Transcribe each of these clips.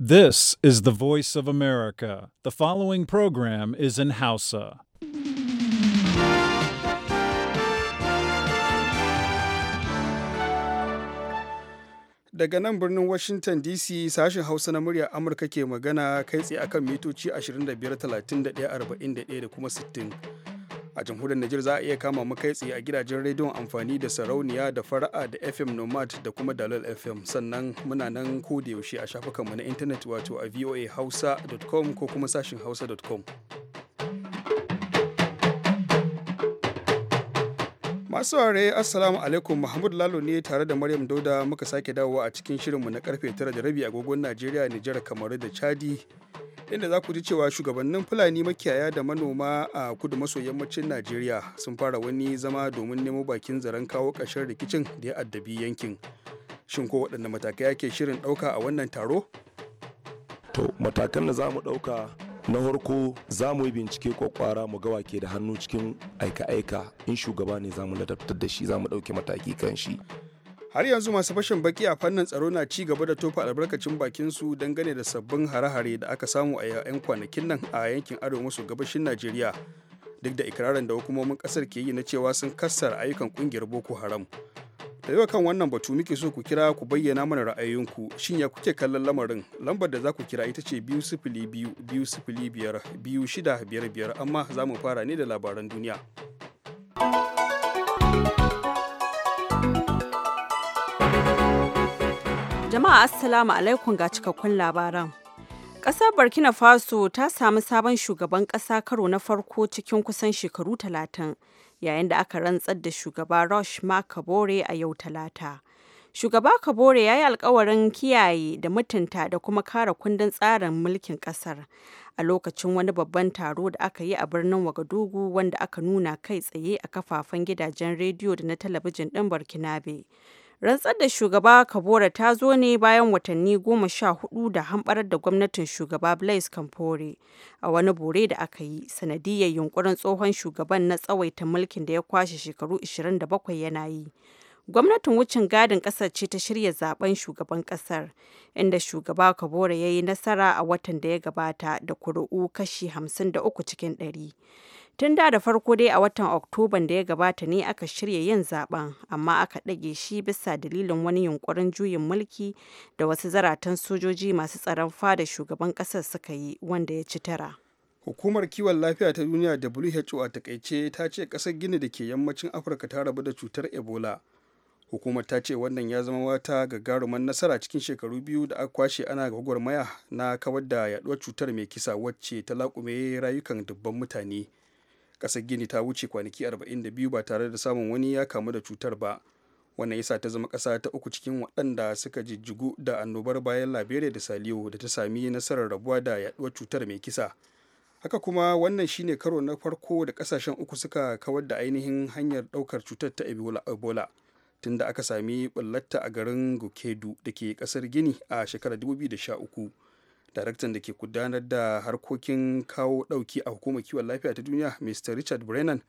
This is the voice of America. The following program is in Hausa. Daga nan birnin Washington DC sashen Hausa na murya Amurka ke magana kai tsaye akan mitoci 25, 31, 41 da kuma 60. a jamhuriyar Najeriya za a iya kama mu kai tsaye a gidajen rediyon amfani da sarauniya da fara'a da FM Nomad da kuma dalal FM sannan muna nan ko da yaushe a shafukanmu na intanet wato a voahausa.com ko kuma sashin hausa.com. masu ware assalamu alaikum mahmud lalo ne tare da maryam dauda muka sake dawowa a cikin shirinmu na karfe 9 da rabi agogon najeriya nijar kamaru da chadi inda za ku ji cewa shugabannin fulani makiyaya da manoma a kudu maso yammacin najeriya sun fara wani zama domin nemo bakin zaren kawo ƙarshen rikicin da ya addabi yankin shin ko waɗanne matakai ake shirin ɗauka a wannan taro to matakan da za mu ɗauka na farko za mu yi bincike kwakwara mu ga wake da hannu cikin aika-aika in shugaba ne za mu ladabtar da shi za mu ɗauki mataki kan shi har yanzu masu fashin baki a fannin tsaro na ci gaba da tofa albarkacin bakin su dangane da sabbin hare-hare da aka samu a 'yan kwanakin nan a yankin arewa maso gabashin najeriya duk da ikirarin da hukumomin kasar ke yi na cewa sun kassar ayyukan kungiyar boko haram da yau kan wannan batu muke so ku kira ku bayyana mana ra'ayoyinku shin ya kuke kallon lamarin lambar da za ku kira ita ce biyu sifili amma za mu fara ne da labaran duniya Jama'a Assalamu alaikum ga cikakkun labaran. Ƙasar Burkina Faso ta samu sabon shugaban ƙasa karo na farko cikin kusan shekaru talatin yayin da aka rantsar da shugaba rosh makabore Kabore a yau talata. Shugaba Kabore ya yi alkawarin kiyaye da mutunta da kuma kare kundin tsarin mulkin ƙasar a lokacin wani babban taro da aka yi a birnin Wagadugu wanda aka nuna kai tsaye a kafafen gidajen rediyo da na talabijin ɗin Burkinabe. Rantsar da shugaba Kabora ta zo ne bayan watanni goma sha hudu da hamɓarar da gwamnatin shugaba Blaise campore a wani bore da aka yi sanadiyar yunkurin tsohon shugaban na tsawaita mulkin da ya kwashe shekaru 27 yana yi. Gwamnatin wucin gadin ƙasar ce ta shirya zaben shugaban ƙasar, inda shugaba Kabore ya yi nasara a watan da ya gabata da kuri'u kashi 53 cikin ɗari. Tun da da farko dai a watan Oktoban da ya gabata ne aka shirya yin zaben, amma aka ɗage shi bisa dalilin wani yunkurin juyin mulki da wasu zaratan sojoji masu tsaron fada shugaban ƙasar suka yi wanda ya ci tara. Hukumar kiwon lafiya ta duniya WHO a takaice ta ce ƙasar Gini da ke yammacin Afirka ta rabu da cutar Ebola. Hukumar ta ce wannan ya zama wata gagaruman nasara cikin shekaru biyu da aka kwashe ana gwagwarmaya na kawar da yaduwar cutar mai kisa wacce ta laƙume rayukan dubban mutane. ƙasar gini ta wuce kwanaki 42 ba tare da samun wani ya kamu da cutar ba wannan yasa ta zama ƙasa ta uku cikin waɗanda suka jijjigu da annobar bayan labere da saliyo da ta sami nasarar rabuwa da yaduwar cutar mai kisa haka kuma wannan shine karo na farko da ƙasashen uku suka kawar da ainihin hanyar ɗaukar cutar ta ebola tunda aka sami ɓullata a garin gokedu da ke ƙasar gini a shekarar 2013 daraktan da ke gudanar da harkokin kawo dauki a hukumar kiwon lafiya ta duniya mr richard brennan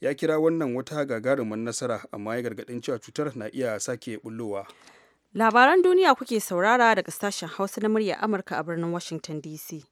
ya kira wannan wata gagarumin nasara amma ya gargaɗin cewa cutar na iya sake bullowa labaran duniya kuke saurara daga sashen hausa na murya amurka a birnin washington dc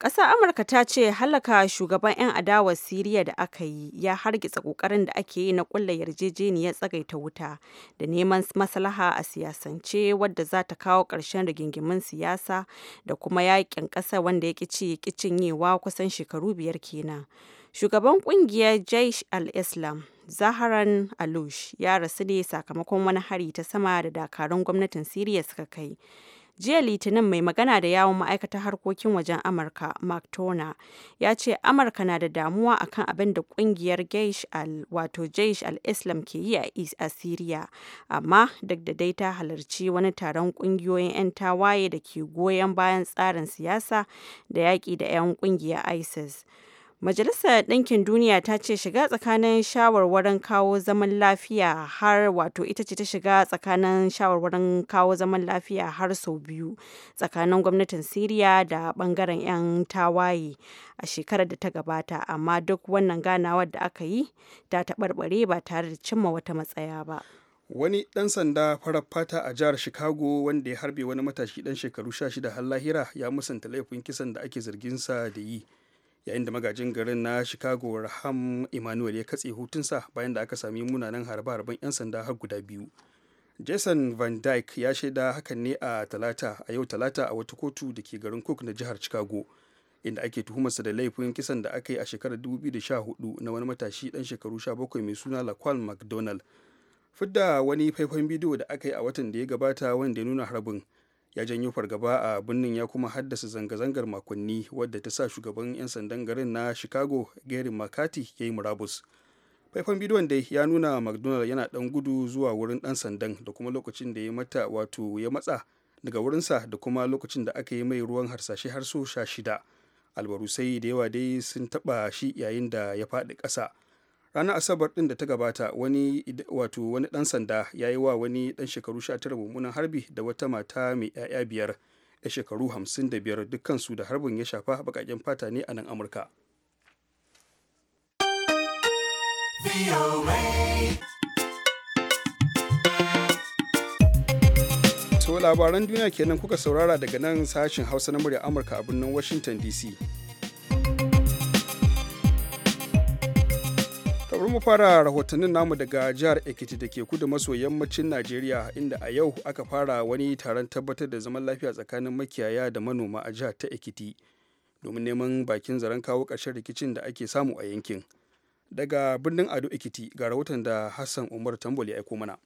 Ƙasar Amurka ta ce halaka shugaban 'yan adawar Siriya da aka yi ya hargitsa ƙoƙarin da ake yi na ƙulla yarjejeniyar tsagaita wuta da neman maslaha a siyasance wadda za ta kawo ƙarshen rigingimin siyasa da kuma yaƙin ƙasa wanda ya ƙici cinyewa kusan shekaru biyar kenan. Shugaban ƙungiyar Jaish al-Islam Zaharan Alush ya rasu ne sakamakon wani hari ta sama da dakarun gwamnatin Siriya suka kai. jiya litinin mai magana da yawon ma'aikatar harkokin wajen amurka mark tona ya ce amurka na da damuwa akan abin da kungiyar geish al wato jaish al islam ke yi a assyria amma duk da dai ta halarci wani taron kungiyoyin 'yan tawaye da ke goyon bayan tsarin siyasa da yaƙi da 'yan kungiyar isis Majalisar Ɗinkin Duniya ta ce shiga tsakanin shawarwarin kawo zaman lafiya har wato ita ce ta shiga tsakanin shawarwarin kawo zaman lafiya har sau biyu tsakanin gwamnatin Siriya da bangaren 'yan tawaye a shekarar da ta gabata amma duk wannan ganawar da aka yi ta taɓarɓare ba tare da cimma wata matsaya ba. Wani ɗan sanda farar fata a jihar Chicago wanda ya harbe wani matashi ɗan shekaru 16 har lahira ya musanta laifin kisan da ake zargin sa da yi. yayin da magajin garin na chicago raham emmanuel ya katse hutunsa bayan da aka sami munanan harbe-harben 'yan sanda har guda biyu jason van dyke ya shaida hakan ne a talata a yau talata a wata kotu da ke garin cook na jihar chicago inda ake tuhumarsa da laifin kisan da aka yi a shekarar 2014 na wani matashi dan shekaru 17 mai suna laquan mcdonald fidda wani faifan bidiyo da aka yi a watan da ya gabata wanda ya nuna harbin ya janyo fargaba a birnin ya kuma haddasa zanga-zangar makonni wadda ta sa shugaban 'yan sandan garin na chicago gary mccarthy ya yi murabus faifan bidiyon dai ya nuna mcdonald yana dan gudu zuwa wurin dan sandan da kuma lokacin da ya mata wato ya matsa daga wurinsa da kuma lokacin da aka yi mai ruwan harsashe har so sha shida albarusai da yawa dai sun taba shi yayin da ya faɗi ƙasa ranar asabar din da ta gabata wani wato wani dan sanda ya yi wa wani dan shekaru 19 mummunan harbi da wata mata mai 'ya'ya biyar ya shekaru 55 dukkansu da harbin ya shafa bakaken fata ne a nan amurka so labaran duniya kenan kuka saurara daga nan sashen hausa na murya amurka a birnin washington dc bari mu fara rahotannin namu daga jihar ekiti da ke kudu maso yammacin najeriya inda a yau aka fara wani taron tabbatar da zaman lafiya tsakanin makiyaya da manoma a jihar ta ekiti domin neman bakin zaren kawo karshen rikicin da ake samu a yankin daga birnin ado ekiti ga rahoton da hassan umar tambol ya aiko mana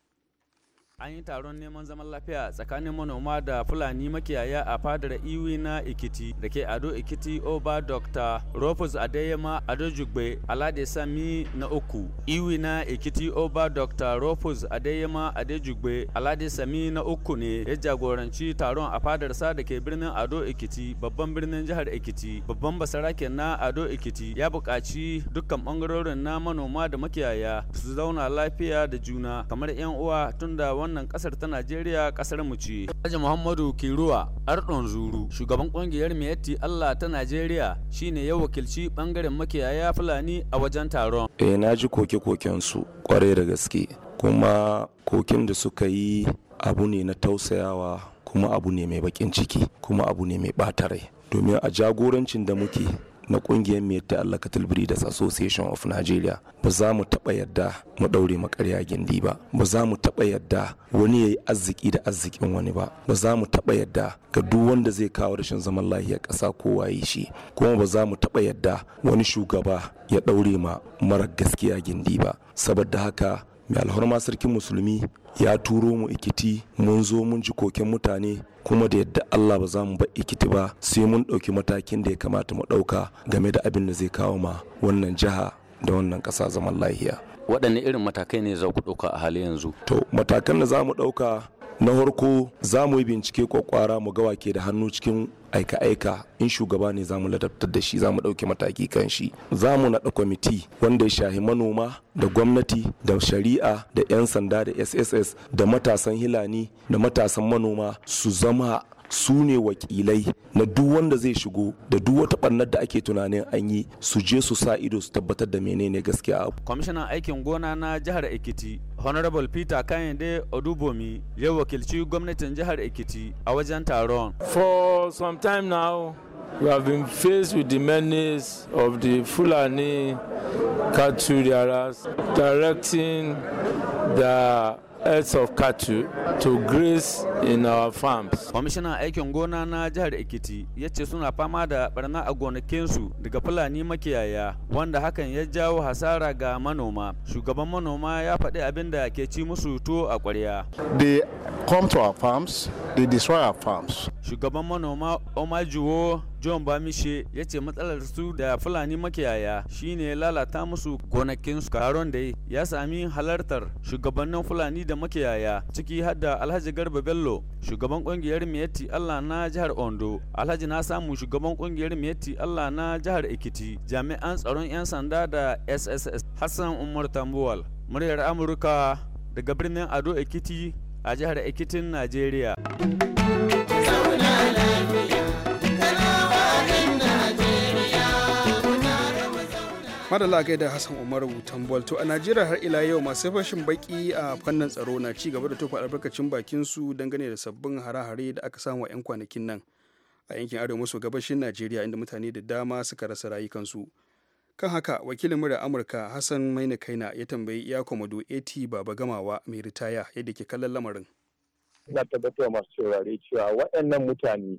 an yi taron neman zaman lafiya tsakanin manoma da fulani makiyaya a fadar iwi na ikiti da ke ado ikiti oba dr rufus adeyema ado jugbe alade sami na uku iwi na ikiti oba dr rufus adeyema ade jugbe alade sami na uku ne ya jagoranci taron a sa da ke birnin ado ikiti babban birnin jihar ikiti babban basarake na ado ikiti ya buƙaci dukkan bangarorin na manoma da makiyaya su zauna lafiya da juna kamar 'yan uwa tun da wannan kasar ta Najeriya kasar mu ce. Alhaji Muhammadu Kiruwa Ardon Zuru shugaban kungiyar Miyatti Allah ta Najeriya shine ya wakilci bangaren makiyaya Fulani a wajen taron. Eh na ji koke-koken su kwarai da gaske kuma kokin da suka yi abu ne na tausayawa kuma abu ne mai bakin ciki kuma abu ne mai bata rai domin a jagorancin da muke na kungiyar mai ta'allakatul breeders association of nigeria ba za mu taɓa yadda mu ɗaure makarya gindi ba ba za mu taɓa yadda wani ya yi arziki da arzikin wani ba ba za mu taɓa yadda ga duk wanda zai kawo rashin zaman lahiya ƙasa ko waye shi kuma ba za mu taɓa yadda wani shugaba ya ɗaure ma mara gaskiya gindi ba saboda haka mai alhorma sarkin musulmi ya turo mu ikiti mun zo mun ji koken mutane kuma da yadda Allah ba za mu ba ikiti ba sai mun ɗauki matakin da ya kamata mu ɗauka game da abin da zai kawo ma wannan jiha da wannan ƙasa zaman lahiya. waɗanne irin matakai ne za ku ɗauka a hali yanzu to matakan da za mu ɗauka na farko za mu yi bincike kwakwara mu ga wake da hannu cikin aika-aika in shugaba ne za mu ladabtar da shi za mu ɗauki mataki kan shi za mu naɗa kwamiti wanda ya shahi manoma da gwamnati da shari'a da 'yan sanda da sss da matasan hilani da matasan manoma su zama su ne wakilai na duk wanda zai shigo da duk wata barnar da ake tunanin an yi su je su sa ido su tabbatar da menene gaskiya abu kwamishinan aikin gona na jihar ekiti honorable peter kayende odubomi ya wakilci gwamnatin jihar ekiti a wajen taron for some time now we have been faced with the menace of the fulani cattle directing the heads of cattle to graze in our farms. Kwamishinan aikin gona na jihar Ekiti ya ce suna fama da barna a gonakinsu daga Fulani makiyaya wanda hakan ya jawo hasara ga manoma. Shugaban manoma ya faɗi abin da ci musu to a ƙwarya. They come to our farms, they destroy our farms. Shugaban manoma omajuo john bamishe ya ce matsalar su da fulani makiyaya shine lalata musu gonakin su. taron da ya sami halartar shugabannin fulani da makiyaya ciki har alhaji garba bello shugaban kungiyar miyatti allah na jihar ondo alhaji na samu shugaban kungiyar miyatti allah na jihar ekiti jami'an tsaron 'yan sanda da sss hassan umar tambuwal muryar amurka daga birnin ado ekiti a jihar ekitin najeriya madalla da hassan umar rubutan bol to a najeriya har ila yau masu fashin baki a fannin tsaro na ci gaba da tofa albarkacin bakin su dangane da sabbin hare-hare da aka samu a 'yan kwanakin nan a yankin arewa maso gabashin najeriya inda mutane da dama suka rasa rayukansu kan haka wakilin murya amurka hassan maina kaina ya tambayi iya komodo at baba gamawa mai ritaya yadda ke kallon lamarin ina tabbatar masu saurare cewa waɗannan mutane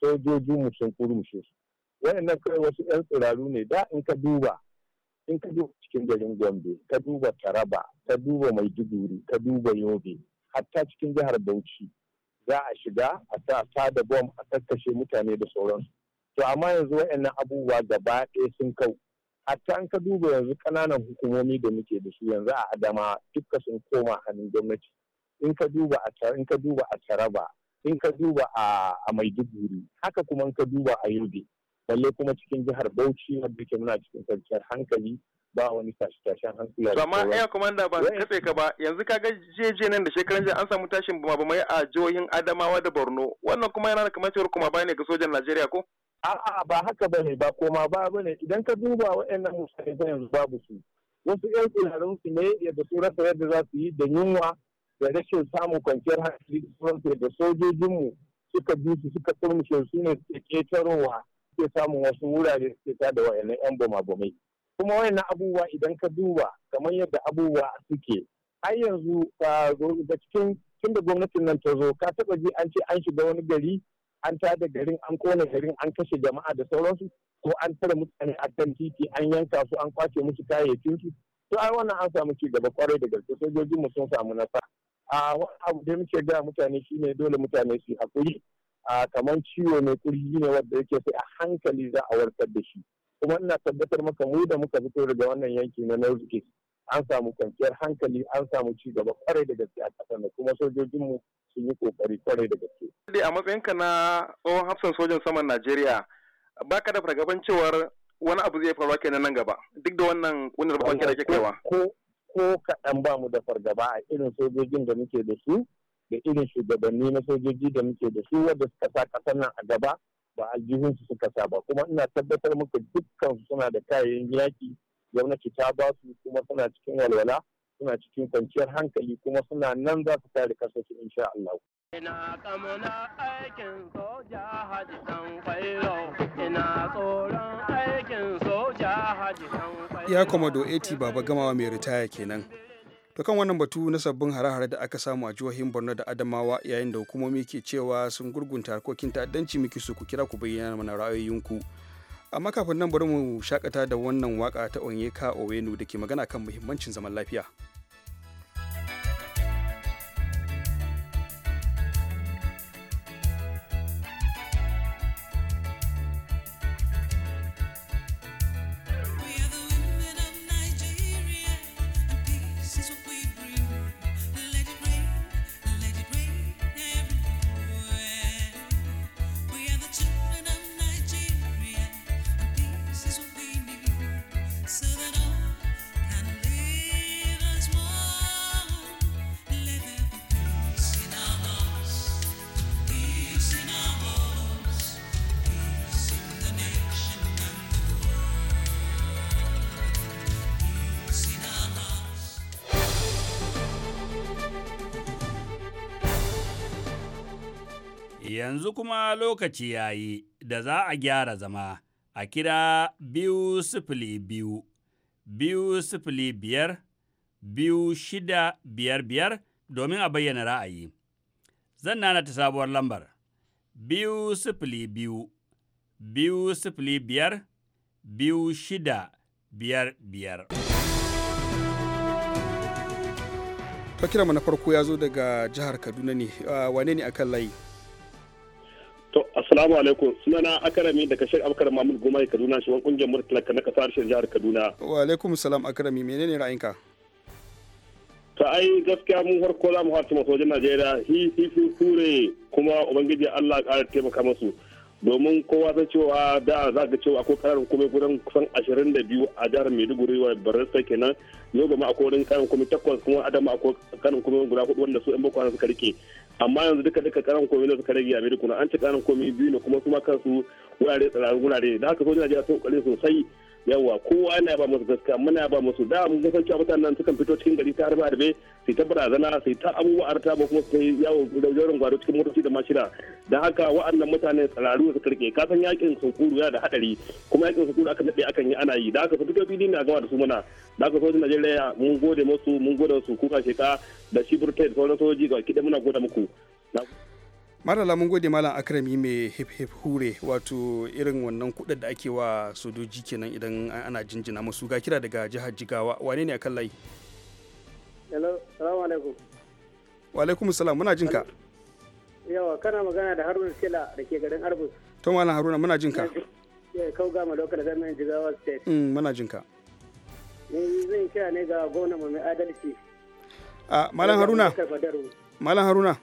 sojoji sun kurmushe waɗannan kai wasu 'yan tsiraru ne da in ka duba in ka duba cikin garin gombe ka duba taraba ka duba maiduguri ka duba yobe hatta cikin jihar bauchi za a shiga a sa ta bom a kakkashe mutane da sauransu to amma yanzu wayannan abubuwa gaba ɗaya sun kau hatta an ka duba yanzu ƙananan hukumomi da muke da su yanzu a adama duka sun koma hannun gwamnati in ka duba a in ka duba a taraba in ka duba a maiduguri haka kuma in ka duba a yobe balle kuma cikin jihar Bauchi wanda yake muna cikin kwanciyar hankali ba wani tashi tashen hankali. To amma ɗaya komanda ba su katse ka ba yanzu ka ga jeje nan da shekaran jiya an samu tashin ba mai a jihohin Adamawa da Borno wannan kuma yana da kamar cewa kuma ba ne ga sojan Najeriya ko? A'a ba haka ba ne ba koma ba ba ne idan ka duba waɗannan mutane ba yanzu babu su. Wasu ƴan tsirarin su ne yadda su rasa yadda za su yi da yunwa da rashin samun kwanciyar hankali da da sojojinmu suka bi su suka turmushe su ne suke ketarowa. suke samun wasu wurare suke da wayannan yan bama-bamai kuma wayannan abubuwa idan ka duba kamar yadda abubuwa suke har yanzu da cikin tun da gwamnatin nan ta zo ka taba ji an ce an shiga wani gari an tada garin an kona garin an kashe jama'a da sauransu ko an tara mutane a kan titi an yanka su an kwace musu kayayyakin su to ai wannan an samu ci gaba kwarai da gaske sojojin mu sun samu nasara a wani abu da muke ga mutane shine dole mutane su hakuri a kamar ciwo mai kurji ne wanda yake sai a hankali za a warkar da shi kuma ina tabbatar maka mu da muka fito daga wannan yanki na North an samu kwanciyar hankali an samu ci gaba kwarai da gaske a ƙasar da kuma sojojinmu sun yi kokari kwarai da gaske. Dai a matsayinka na tsohon hafsan sojan saman Najeriya baka da fargaban cewar wani abu zai faruwa kenan nan gaba duk da wannan kunar bakon kira ke kaiwa. Ko ko kaɗan ba mu da fargaba a irin sojojin da muke da su da irin shugabanni na sojoji da muke da su wadda suka sa kasar nan a gaba ba aljihunsu suka sa ba kuma ina tabbatar muku dukkan suna da kayayyakin yaki gwamnati ta ba su kuma suna cikin walwala suna cikin kwanciyar hankali kuma suna nan za su kare kasar su insha Allah. Ina kamuna aikin soja haji dan kwairo, ina tsoron aikin soja haji dan kwairo. Ya komodo eti baba gamawa mai ritaya kenan. To kan wannan batu na sabbin hare-hare da aka samu a jihohin borno da adamawa yayin da hukumomi ke cewa sun gurgunta harkokin ta'addanci muke su ku kira ku bayyana mana ra'ayoyinku amma kafin nan bari mu shakata da wannan waka ta onyeka owenu da ke magana kan muhimmancin zaman lafiya yanzu kuma lokaci ya yi da za a gyara zama a kira biyu sifili biyu, biyu sifili biyar, biyu shida biyar biyar domin a bayyana ra'ayi. Zan nana ta sabuwar lambar, biyu sifili biyu, biyu sifili biyar, biyu shida biyar biyar. Fakira na farko ya zo daga jihar Kaduna ne, ah, wane ne akan layi? To, assalamu alaikum. na Akarami daga Sheikh Abubakar Mahmud Goma Kaduna, shugaban kungiyar Murtala na kasar harshen jihar Kaduna. Wa alaikum salam Akarami, menene ra'ayinka? ta ai gaskiya mun farko za mu fara masu wajen Najeriya, hi hi fi ture kuma ubangiji Allah ƙara taimaka masu. Domin kowa ta cewa da za ka cewa akwai karar kuma gudan kusan 22 a jihar Maiduguri wa Barista kenan yau gama akwai wurin karin kuma takwas kuma Adama akwai karin kuma guda hudu wanda su 'yan bakwai suka rike. amma yanzu duka duka karan komi da suka rage a kuna an ci karan komi biyu ne kuma kuma kansu wurare tsirarun wurare da haka sojin najeriya sun kokari sosai yawa kowa yana ba musu gaskiya muna ba musu da mun san cewa mutanen sukan fito cikin gari ta harba bai su ta barazana su ta abubuwa arta ba kuma su yawo jaurin gwado cikin motoci da mashina da haka wa'annan mutane tsararru su karke ka san yakin sunkuru yana da hadari kuma yakin sunkuru aka daɗe akan yi ana yi da haka su fito fili na gama da su muna da haka sojin najeriya mun gode musu mun gode su kuka sheka da shi burtai da sauran sojoji ga kiɗan muna gode muku. marala mun gode malam akrami mai hip hip hure wato irin wannan kudin da ake wa sojoji kenan idan ana jinjina musu ga kira daga jihar jigawa wane ne akan layi hello salamu alaikum wa alaikum salam muna jin ka yawa kana magana da haruna sila da ke garin arbus to malam haruna muna jin ka eh, kau gama lokacin zamanin jigawa state mm, muna jin ka zan kira ne ga gwamna mai adalci ah, malam haruna malam haruna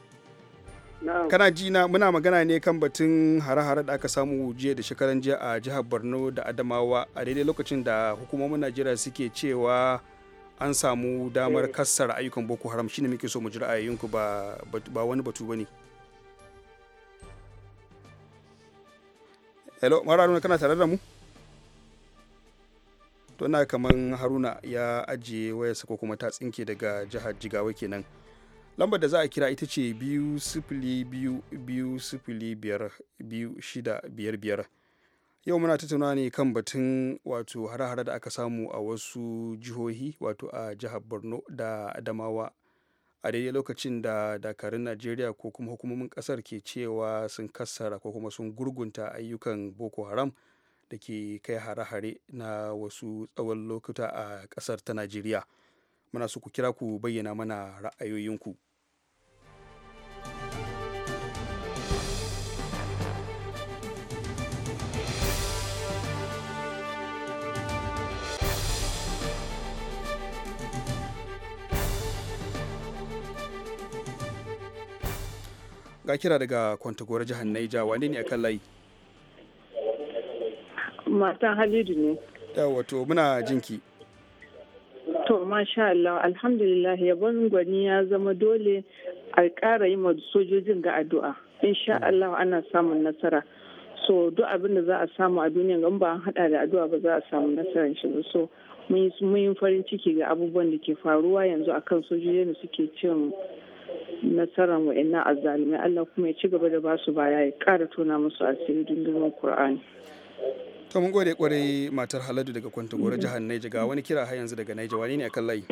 kana ji na muna magana ne kan batun hare-hare da aka samu jiya da shekaran jiya a jihar borno da adamawa a daidai lokacin da hukumomin najeriya suke cewa an samu damar eh. kassar ayyukan boko haram shine muke so mu ji ra'ayinku ba ba wani batu bane hello mara haruna kana tare da mu to na kaman haruna ya ajiye wayarsa ko kuma ta tsinke daga jihar jigawa kenan lambar da za a kira ita ce biyu sifili biyu biyu sifili biyar biyu shida yau muna tattauna ne kan batun wato hare-hare da aka samu a wasu jihohi wato a jihar borno da adamawa a daidai lokacin da dakarun najeriya ko kuma hukumomin kasar ke cewa sun kassara ko kuma sun gurgunta ayyukan boko haram da ke kai hare-hare na wasu tsawon lokuta a kasar ta najeriya muna so ku kira ku bayyana mana ra'ayoyinku ga kira daga kwantagora jihar naija wane ne a kan layi matan halidu ne yawa to muna jinki to masha Allah alhamdulillah yabon gwani ya zama dole a ƙara yi sojojin ga addu'a insha mm. Allah ana samun nasara so duk abin da za a samu a duniya gamba ba an hada da addu'a ba za a samu nasarar shi ba so mun yi farin ciki ga abubuwan da ke faruwa yanzu akan sojojin da suke cin nasarar wa'annan azzalumai Allah kuma ya ci gaba da basu baya ya ƙara tona musu asiri dindindin Kur'ani. To mun gode kwarai matar Haladu daga Gora jihar Naija ga wani kira har yanzu daga Naija wani ne akan layi?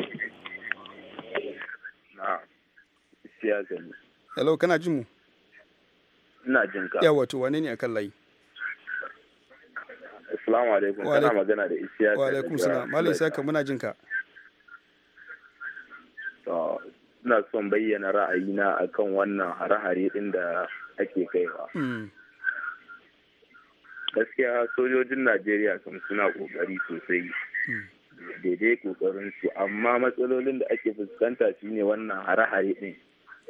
Hello kana jin mu? Ina jin ka. Yawa to wani ne akan layi? Assalamu alaikum kana magana da Isiya. Wa alaikum salam. Malai saka muna jin ka. ina son bayyana ra'ayina kan wannan hare-hare ɗin da ake kaiwa. Hmm. Gaskiya sojojin Najeriya sun suna ƙoƙari sosai. Hmm. Daidai kokarin su amma matsalolin da ake fuskanta shine wannan hare-hare ɗin.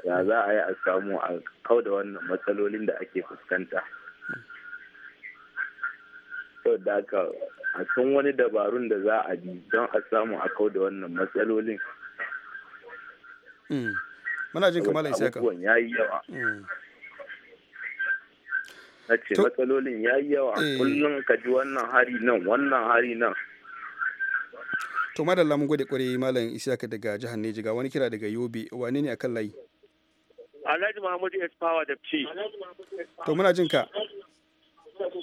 Ya za a yi a samu a kau da wannan matsalolin da ake fuskanta. da aka a san wani dabarun da za a bi don a samu a kau da wannan matsalolin. muna jin kamar isa ka ya yi yawa na ce matsalolin ya yi yawa eh. kullum ka ji wannan hari nan wannan hari nan to madalla mun gode kwarai malam isa daga jihar neji ga wani kira daga yobe wani ne akan layi alhaji muhammadu s power da to muna jin ka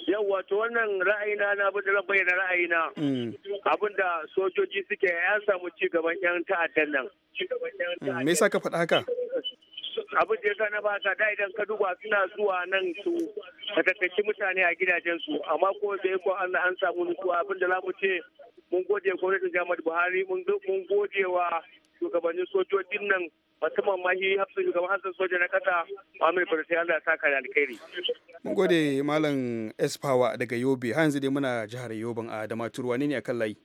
yau to wannan ra'ayina na abin da zan bayyana ra'ayina mm. abin da sojoji suke ya samu ci gaban 'yan ta'addan nan. Mm, me yasa ka faɗa haka? abin da ya na ba ka da idan ka duba suna zuwa nan su tattaki mutane a gidajen su amma ko da yake an an samu nutsuwa abin da zamu ce mun gode gwamnatin Muhammadu Buhari mun gode wa shugabannin sojojin nan musamman ma shi hafsu shugaban hafsun soja na kasa Muhammad Bursi Allah ya saka da alkhairi. Mun gode Malam power daga Yobe har yanzu dai muna jihar Yoban a Damaturu wane ne akan layi?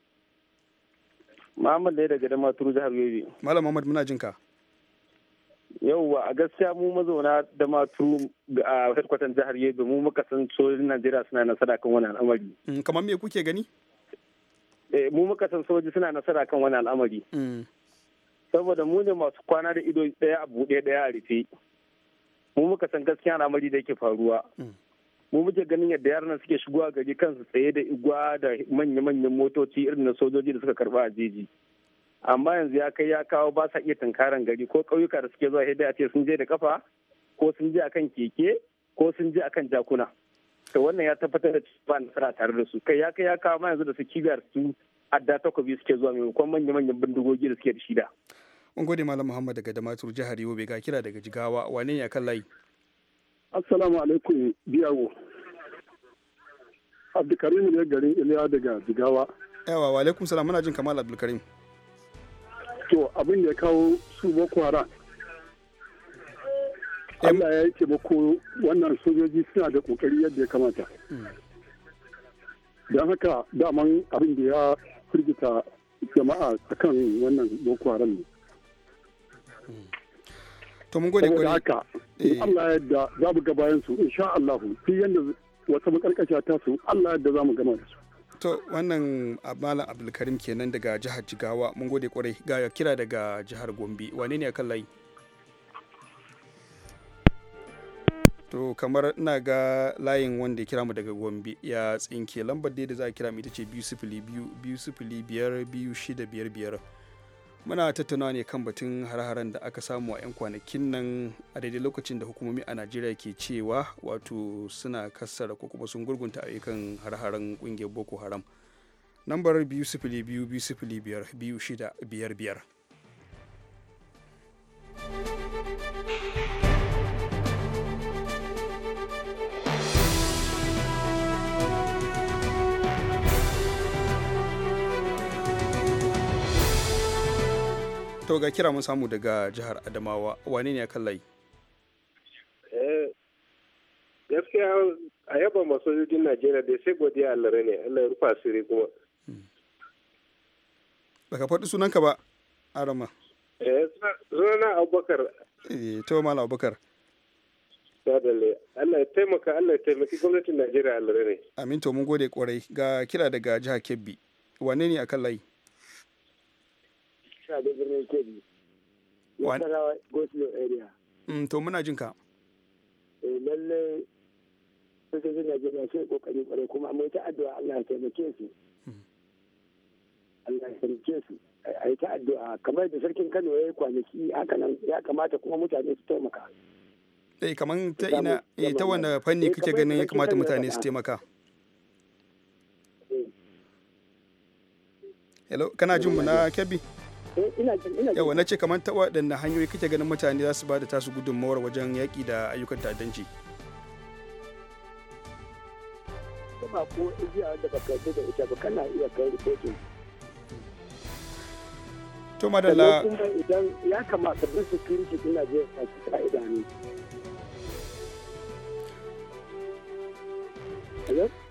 Muhammad ne daga Damaturu jihar Yobe. Malam mamad muna jin ka. yauwa a gaskiya mu mazauna da matu a hedkwatan jihar yobe mu muka san sojin najeriya suna nasara kan wani al'amari mm, kamar me kuke gani eh, mu muka san sojoji suna nasara kan wani al'amari mm. saboda mu ne masu kwana da ido daya a buɗe daya a rufe mu muka san gaskiya al'amari da yake faruwa mm. mu muke ganin yadda yaran suke shigowa gari kansu tsaye da igwa da manya-manyan motoci irin na sojoji da suka karba a jeji amma yanzu ya kai ya kawo ba sa iya tunkaran gari ko ƙauyuka da suke zuwa hidda a ce sun je da kafa ko sun je akan keke ko sun je akan jakuna to wannan ya tabbatar da ba nasara tare da su kai ya kai ya kawo ma yanzu da su kibiyar su adda takobi suke zuwa maimakon manya-manyan bindigogi da suke da shida. Mun gode Malam Muhammad daga Damatur jihar Yobe ga kira daga Jigawa wane ne akan layi? Assalamu alaikum biyawo. Abdulkarim ne garin Iliya daga Jigawa. Yawa wa alaikum salam muna jin kamar Abdulkarim. To abin da ya kawo su Boko Haram. Allah ya yi taimako wannan sojoji suna da kokari yadda ya kamata. Mm. Don haka daman abin da ya firgita jama'a a kan wannan boko haram ne to mun gode gode. haka eh. Allah ya yarda za mu ga bayan su insha Allah fi yanda wata makarkashiya ta su Allah ya yarda za mu gama da su to wannan ah, malam Abdulkarim kenan daga jihar Jigawa mun gode kwarai ga kira daga jihar Gombe wane ne akan layi to kamar ina ga layin wanda ya kira mu daga gombe ya tsinke lambar da za a kira mu ita ce biyu sifili biyu biyu sifili biyar biyu shida biyar biyar muna tattaunawa ne kan batun har-haren da aka samu a 'yan kwanakin nan a daidai lokacin da hukumomi a najeriya ke cewa wato suna kassara ko kuma sun gurgunta ayyukan har-haren kungiyar boko haram lambar biyu sifili biyu biyu sifili biyar biyu shida biyar biyar to ga kira mun samu daga jihar adamawa wane ne kan layi eh, gaskiya a yaba masojojin najeriya da sai godiya allare ne allah ya rufa asiri kuma hmm. baka faɗi sunanka ba arama eh sunana abubakar eh to mala abubakar sadale allah ya taimaka allah ya taimaki gwamnatin najeriya allare ne amin to mun gode kwarai ga kira daga jihar kebbi wane ne kan layi suna da birnin kebbi goslo mm, to muna jin ka eh, allah ya taimake su mm. allah ya taimake su a yi ta addu'a kamar da sarkin kano ya yi kwanaki ya kamata kuma eh, eh, fanni kana jin mu na kebbi Eh, yawa na ce kamar ta waɗanne hanyoyi kake ganin mutane za su ba da tasu gudunmawar wajen yaƙi da ayyukan ta'addanci kuma ko igiya da baka da ita ba kana iya kai rikokin to madalla idan ya kamata bin idanu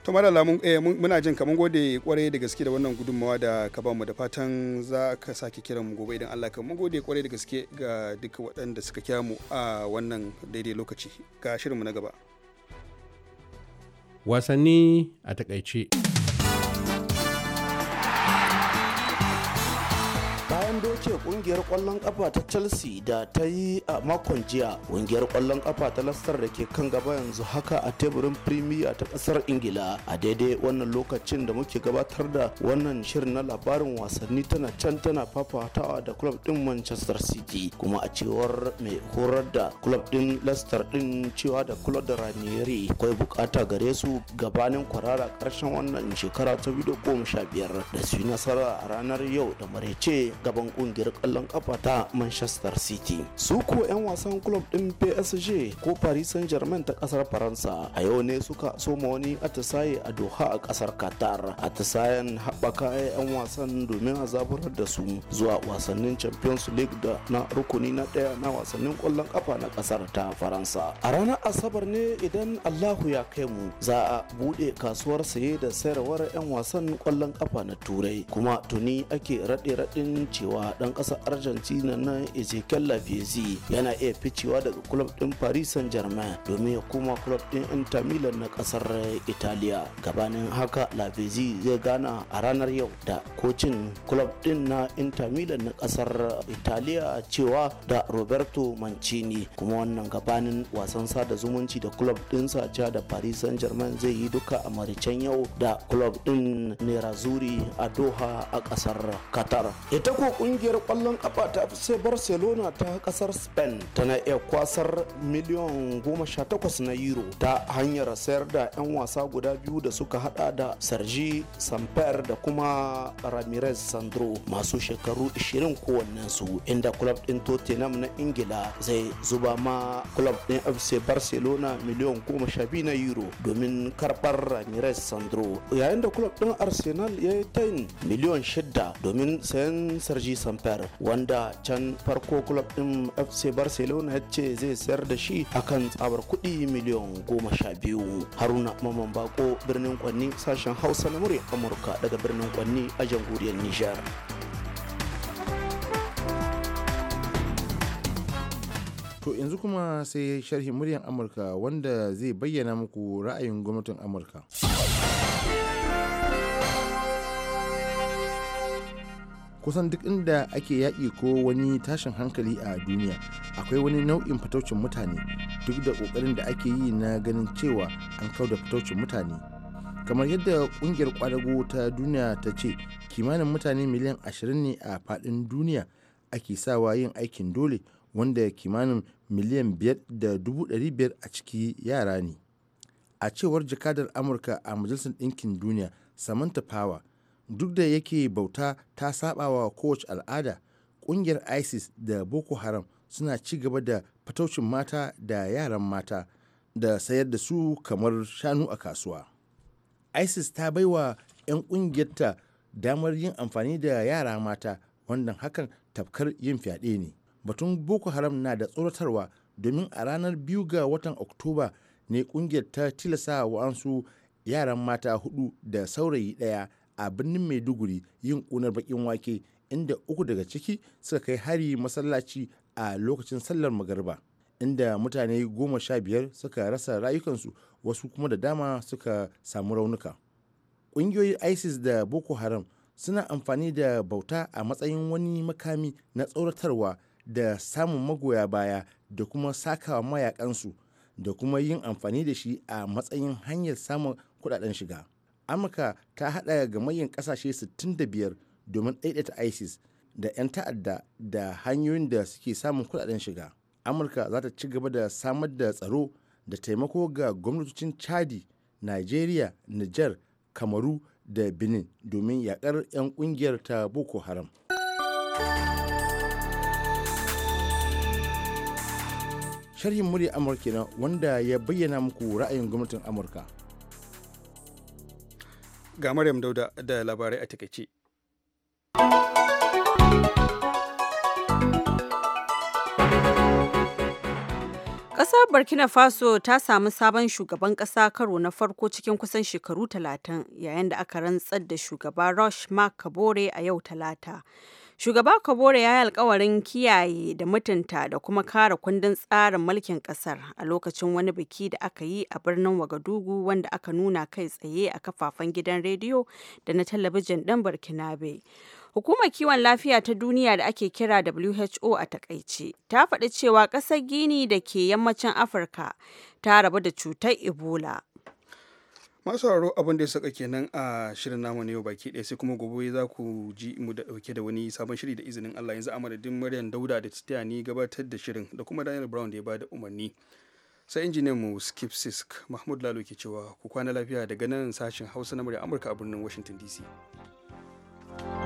to madalla eh, muna jin mun gode kwarai da gaske da wannan gudunmawa da ka bamu da fatan za ka sake kiran mu gobe idan Allah ka mun gode kwarai da gaske ga duka waɗanda suka kira mu a wannan daidai lokaci ga shirinmu na gaba wasanni a takaice da kungiyar kwallon kafa ta chelsea da ta yi a makon jiya kungiyar kwallon kafa ta lastar da ke kan gaba yanzu haka a teburin premier ta kasar ingila a daidai wannan lokacin da muke gabatar da wannan shirin na labarin wasanni tana can tana fafatawa da club din manchester city kuma a cewar mai horar da club din lastar din cewa da club da ranieri akwai bukata gare su gabanin kwarara karshen wannan shekara ta biyar da su nasara a ranar yau da marece gaban kungiyar da ƙwallon kafa ta Manchester City. Su ko 'yan wasan club ɗin PSG ko Paris Saint-Germain ta ƙasar Faransa a yau ne suka soma wani atisaye a Doha a ƙasar Qatar. Atisayen haɓaka 'yan wasan domin a zaburar da su zuwa wasannin Champions League da na rukuni na ɗaya na wasannin ƙwallon kafa na ƙasar ta Faransa. A ranar Asabar ne idan Allahu ya kai mu za a buɗe kasuwar saye da sayarwar 'yan wasan ƙwallon kafa na Turai kuma tuni ake raɗe-raɗin cewa ɗan ƙasar argentina na ezekiel lafizi yana iya ficewa daga kulob din paris saint germain domin ya koma kulob din inter milan na kasar italiya gabanin haka lafizi zai gana a ranar yau da kocin kulob din na inter milan na ƙasar italiya cewa da roberto mancini kuma wannan gabanin wasan sada zumunci da kulob dinsa ja da paris saint germain zai yi duka a maricen yau da kulob din nerazzurri a doha a ƙasar qatar ita ko ƙungiyar. kungiyar kwallon kafa ta fc barcelona ta kasar spain tana iya kwasar miliyan 18 na euro ta hanyar sayar da 'yan wasa guda biyu da suka hada da sergi samper da kuma ramirez sandro masu shekaru 20 kowannensu inda club din tottenham na ingila zai zuba ma club din fc barcelona miliyan 12 na euro domin karbar ramirez sandro yayin da club din arsenal ya yi tayin miliyan 6 domin sayan sarji samper transfer wanda can farko club din FC Barcelona ya ce zai sayar da shi akan tsabar kuɗi miliyan goma sha biyu. Haruna Maman Bako birnin Kwanni sashen Hausa na murya Amurka daga birnin Kwanni a jamhuriyar Nijar. To yanzu kuma sai sharhi muryan Amurka wanda zai bayyana muku ra'ayin gwamnatin Amurka. kusan duk inda ake yaƙi ko wani tashin hankali a duniya akwai wani nau'in fitaucin mutane duk da ƙoƙarin da ake yi na ganin cewa an kau da fataucin mutane kamar yadda ƙungiyar ƙwadago ta duniya ta ce kimanin mutane miliyan 20 ne a faɗin duniya ake sawa yin aikin dole wanda kimanin miliyan 5,500 a ciki yara ne a cewar jakadar amurka a majalisar ɗinkin duniya samantha power duk da yake bauta ta sabawa kowace al'ada kungiyar isis da boko haram suna ci gaba da fataucin mata da yaran mata da sayar da su kamar shanu a kasuwa isis ta baiwa 'yan kungiyarta damar yin amfani da yara mata wannan hakan tafkar yin fyaɗe ne batun boko haram na da tsoratarwa domin a ranar biyu ga watan oktoba ne kungiyar ta tilasa wa'ansu yaran mata hudu da saurayi ɗaya a birnin maiduguri yin ƙunar bakin wake inda uku daga ciki suka kai hari masallaci a lokacin sallar magarba inda mutane goma sha biyar suka rasa rayukansu wasu kuma da dama suka samu raunuka ƙungiyoyin isis da boko haram suna amfani da bauta a matsayin wani makami na tsoratarwa da samun magoya baya da kuma sakawa mayakansu da kuma yin amfani da shi a matsayin hanyar samun kudaden shiga. amurka ta haɗa manyan kasashe 65 domin ɗaiɗata isis da 'yan ta'adda da hanyoyin da suke samun kudaden shiga amurka za ta ci gaba da samar da tsaro da taimako ga gwamnatocin chadi nigeria niger kamaru da benin domin yakar 'yan kungiyar ta boko haram sharhin murya amurka wanda ya bayyana muku ra'ayin gwamnatin amurka ga Maryam Dauda da labarai a takaice. Ƙasar Burkina Faso ta samu sabon shugaban ƙasa karo na farko cikin kusan shekaru talatin yayin da aka rantsar da shugaba Roch Marc Kabore a yau talata. Shugaba Kabore ya yi alkawarin kiyaye da mutunta da kuma kare kundin tsarin mulkin kasar a lokacin wani biki da aka yi a birnin Wagadugu wanda aka nuna kai tsaye a kafafen gidan rediyo da na talabijin ɗin Burkinabe. Hukumar kiwon lafiya ta duniya da ake kira WHO a takaice ta faɗi cewa ƙasar Gini da ke yammacin Afirka ta rabu da cutar Ebola masu haro abin da ya saka kenan a shirin namu na yau baki ɗaya sai kuma gobe za ku ji mu da ɗauke da wani sabon shiri da izinin Allah yanzu a madadin Maryam Dauda da ta ni gabatar da shirin da kuma Daniel Brown da ya da umarni sai injiniyan mu Skip Sisk Mahmud Lalo ke cewa ku kwana lafiya daga nan sashen Hausa na murya Amurka a birnin Washington DC. thank you